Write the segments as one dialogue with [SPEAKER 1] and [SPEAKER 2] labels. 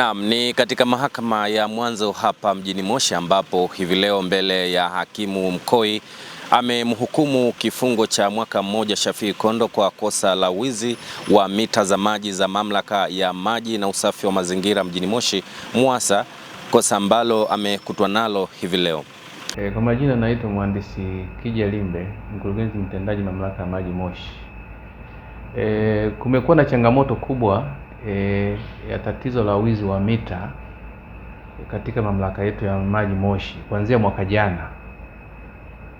[SPEAKER 1] Naam, ni katika mahakama ya mwanzo hapa mjini Moshi ambapo hivi leo mbele ya hakimu Mkoi amemhukumu kifungo cha mwaka mmoja Shafii Kondo kwa kosa la wizi wa mita za maji za mamlaka ya maji na usafi wa mazingira mjini Moshi MUWSA, kosa ambalo amekutwa nalo hivi leo.
[SPEAKER 2] E, kwa majina naitwa mhandisi Kija Limbe, mkurugenzi mtendaji mamlaka ya maji Moshi. E, kumekuwa na changamoto kubwa e, ya tatizo la wizi wa mita katika mamlaka yetu ya maji Moshi kuanzia mwaka jana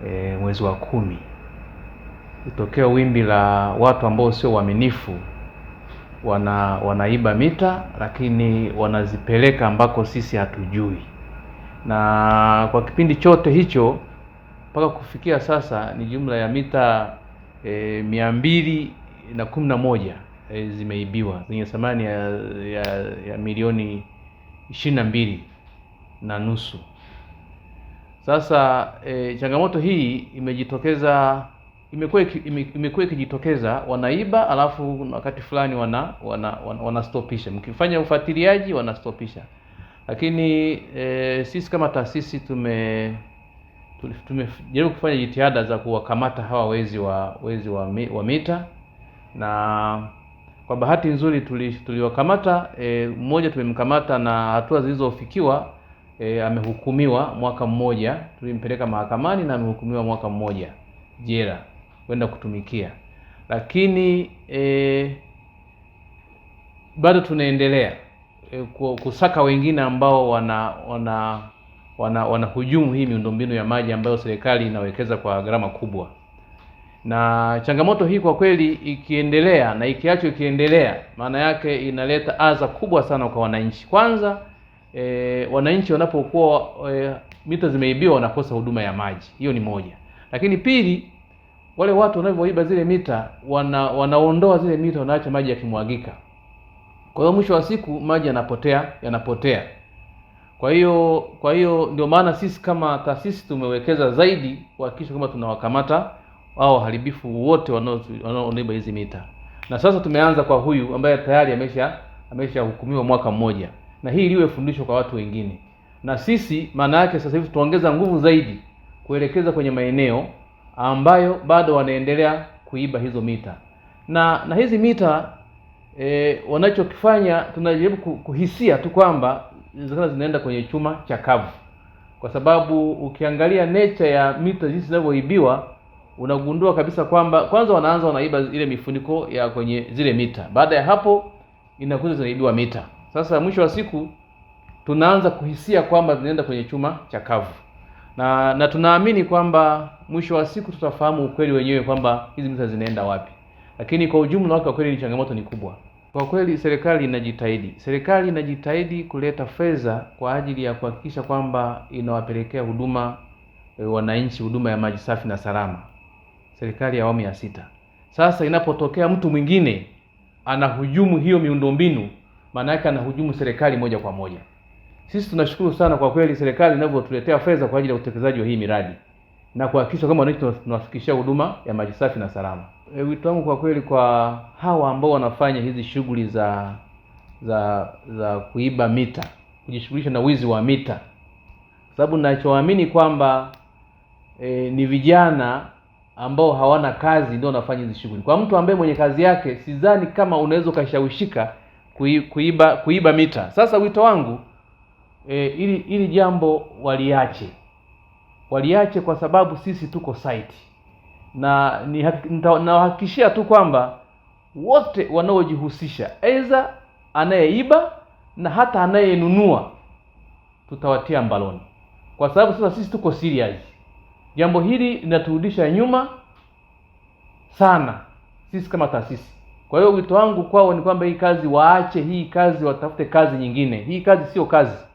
[SPEAKER 2] e, mwezi wa kumi itokea wimbi la watu ambao sio waaminifu wana wanaiba mita lakini wanazipeleka ambako sisi hatujui, na kwa kipindi chote hicho mpaka kufikia sasa ni jumla ya mita e, mia mbili na kumi na moja Eh, zimeibiwa zenye thamani ya, ya, ya milioni ishirini na mbili na nusu. Sasa e, changamoto hii imejitokeza imekuwa imekuwa ikijitokeza, wanaiba alafu wakati fulani wana wanastopisha wana, wana mkifanya ufuatiliaji wanastopisha, lakini e, sisi kama taasisi tume tumejaribu kufanya jitihada za kuwakamata hawa wezi wa wezi wa, wa mita na kwa bahati nzuri tuliwakamata e, mmoja tumemkamata na hatua zilizofikiwa e, amehukumiwa mwaka mmoja, tulimpeleka mahakamani na amehukumiwa mwaka mmoja jera kwenda kutumikia, lakini e, bado tunaendelea e, kusaka wengine ambao wana wana wana wanahujumu hii miundombinu ya maji ambayo serikali inawekeza kwa gharama kubwa na changamoto hii kwa kweli ikiendelea na ikiacho ikiendelea, maana yake inaleta adha kubwa sana kwa wananchi. Kwanza e, wananchi wanapokuwa e, mita zimeibiwa wanakosa huduma ya maji, hiyo ni moja. Lakini pili, wale watu wanavyoiba zile mita wana, wanaondoa zile mita, wanaacha maji yakimwagika. Kwa hiyo mwisho wa siku maji yanapotea yanapotea. Kwa hiyo kwa hiyo ndio maana sisi kama taasisi tumewekeza zaidi kuhakikisha kwamba tunawakamata au waharibifu wote wanaoiba hizi mita. Na sasa tumeanza kwa huyu ambaye tayari amesha ameshahukumiwa mwaka mmoja, na hii iliwe fundisho kwa watu wengine, na sisi maana yake sasa hivi tuongeza nguvu zaidi kuelekeza kwenye maeneo ambayo bado wanaendelea kuiba hizo mita na na hizi mita e, wanachokifanya tunajaribu kuhisia tu kwamba zinaweza zinaenda kwenye chuma cha kavu, kwa sababu ukiangalia nature ya mita jinsi zinavyoibiwa unagundua kabisa kwamba kwanza wanaanza wanaiba ile mifuniko ya kwenye zile mita, baada ya hapo inakuza zinaibiwa mita. Sasa mwisho wa siku tunaanza kuhisia kwamba zinaenda kwenye chuma cha kavu, na na tunaamini kwamba mwisho wa siku tutafahamu ukweli wenyewe kwamba hizi mita zinaenda wapi. Lakini kwa ujumla wake, kwa kweli ni changamoto ni kubwa. Kwa kweli serikali inajitahidi, serikali inajitahidi kuleta fedha kwa ajili ya kuhakikisha kwamba inawapelekea huduma eh, wananchi, huduma ya maji safi na salama serikali ya awamu ya sita. Sasa inapotokea mtu mwingine anahujumu hiyo miundombinu, maana yake anahujumu serikali moja kwa moja. Sisi tunashukuru sana kwa kweli serikali inavyotuletea fedha kwa ajili ya utekelezaji wa hii miradi na kuhakikisha kwamba wananchi tunawafikishia huduma ya maji safi na salama. E, wito wangu kwa kweli kwa hawa ambao wanafanya hizi shughuli za za za kuiba mita, kujishughulisha na wizi wa mita, sababu ninachoamini kwamba e, ni vijana ambao hawana kazi ndio wanafanya hizi shughuli. Kwa mtu ambaye mwenye kazi yake, sidhani kama unaweza ukashawishika kuiba kuiba mita. Sasa wito wangu e, ili ili jambo waliache, waliache kwa sababu sisi tuko site na nawahakikishia tu kwamba wote wanaojihusisha aidha anayeiba na hata anayenunua tutawatia mbaloni, kwa sababu sasa sisi tuko serious. Jambo hili linaturudisha nyuma sana sisi kama taasisi. Kwa hiyo wito wangu kwao ni kwamba hii kazi waache hii kazi, watafute kazi nyingine. Hii kazi sio kazi.